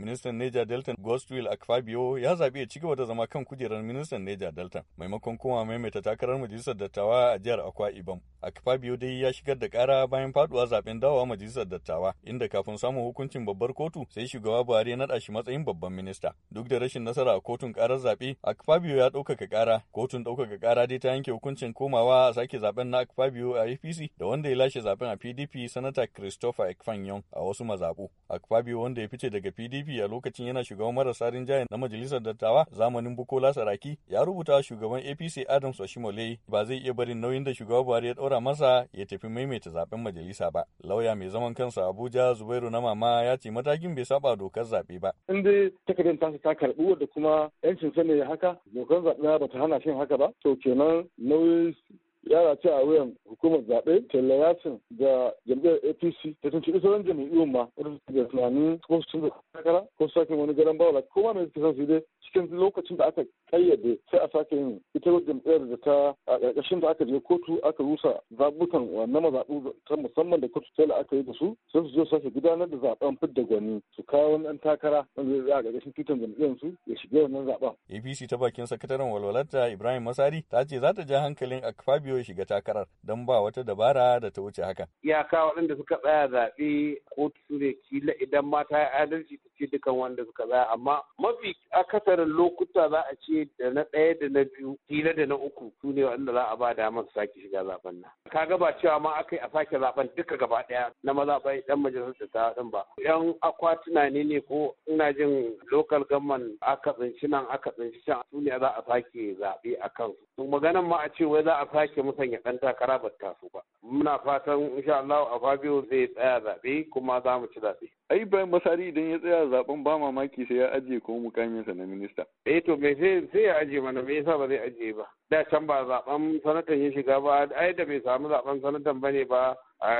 Ministan Neja Delta Goswill Akfabio ya zaɓi ya ci gaba da zama kan kujerar ministan Neja Delta maimakon kuma maimaita takarar majalisar dattawa a jihar Akwa Ibom. Akfabio dai ya shigar da kara bayan faduwa zaben dawowa majalisar dattawa inda kafin samun hukuncin babbar kotu sai shugaba Buhari ya naɗa shi matsayin babban minista. Duk da rashin nasara a kotun karar zaɓe, Akfabio ya ɗaukaka kara. Kotun ɗaukaka kara dai ta yanke hukuncin komawa a sake zaben na Akfabio a APC da wanda ya lashe zaben a PDP sanata Christopher Ekfanyong a wasu mazaɓu. Akfabio wanda ya fice daga PDP PDP a lokacin yana shugaban marasa rinjaye na majalisar dattawa zamanin Bukola Saraki ya rubuta shugaban APC Adams Oshimole ba zai iya barin nauyin da shugaba Buhari ya ɗora masa ya tafi maimaita zaben majalisa ba. Lauya mai zaman kansa Abuja Zubairu na mama ya ce matakin bai saba dokar zaɓe ba. In dai takardar ta ta karɓi wadda kuma 'yancin sa ne haka dokar zaɓe ba ta hana shin haka ba to kenan nauyin yara ce a wuyan hukumar zaɓe tella yasin da jam'iyyar apc ta tuntuɓi sauran jam'iyyun ma wadda da tunanin ko su da takara ko su sake wani garan bawala ko ma mai suke son su dai cikin lokacin da aka kayyade sai a sake yin ita jam'iyyar da ta a ƙarƙashin da aka je kotu aka rusa zabukan na mazaɓu ta musamman da kotu tela aka yi da su sai su zo sake gudanar da zaben fidda gwani su kawo wani ɗan takara wanda zai a ƙarƙashin titan jam'iyyar su ya shiga wannan zaɓen. APC ta bakin sakataren walwalarta Ibrahim Masari ta ce za ta ja hankalin fabio ya shiga takarar don ba wata dabara da ta wuce haka. Iyaka waɗanda suka tsaya zaɓe kotu ne kila idan ma ta yi adalci ta ce dukan wanda suka tsaya amma mafi akasar ɓangaren lokuta za a ce da na ɗaya da na biyu kila da na uku su ne wanda za a ba damar su sake shiga zaben nan ka gaba cewa ma aka yi a sake zaben duka gaba ɗaya na maza bai dan majalisar da ta ɗin ba yan akwatuna ne ne ko ina jin lokal gamman aka tsinci nan aka tsinci can su ne za a sake zaɓe a kansu maganan ma a ce wai za a sake musanya ɗan takara ba ta taso ba muna fatan insha Allah a Fabio zai tsaya zaɓe kuma za mu ci zaɓe. Ai bayan Masari idan ya tsaya zaɓen ba mamaki sai ya ajiye ko mukaminsa na minista. Eh to me sai ya ajiye mana me yasa ba zai ajiye ba. Da can ba zaɓen sanatan ya shiga ba ai da bai samu zaɓen sanatan ba ne ba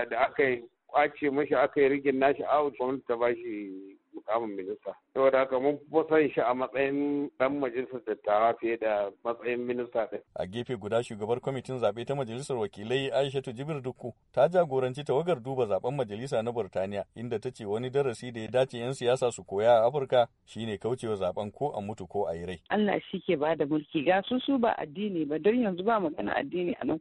da aka yi kwace mashi aka yi rigin nashi out gwamnati ta bashi mukamin minista saboda haka mun fi son shi a matsayin dan majalisar dattawa fiye da matsayin minista din a gefe guda shugabar kwamitin zaɓe ta majalisar wakilai aishatu jibir dukku ta jagoranci tawagar duba zaben majalisa na burtaniya inda ta ce wani darasi da ya dace 'yan siyasa su koya a afirka shine kaucewa zaben ko a mutu ko a yi rai allah shi ke ba da mulki ga su su ba addini ba don yanzu ba magana addini a nan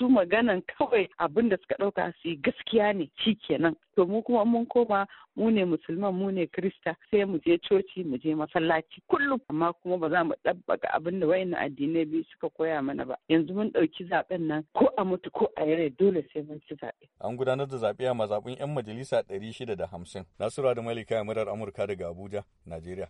su maganan kawai abin da suka ɗauka su yi gaskiya ne shi kenan to mu kuma mun koma mu ne musulman mu ne krista sai mu je coci mu je masallaci kullum amma kuma ba za mu ɗabbaka abin da wayannan addinai biyu suka koya mana ba yanzu mun ɗauki zaben nan ko a mutu ko a yare dole sai mun ci zaɓe. an gudanar da zaɓe a mazaɓin 'yan majalisa 650 nasura da malika murar amurka daga abuja najeriya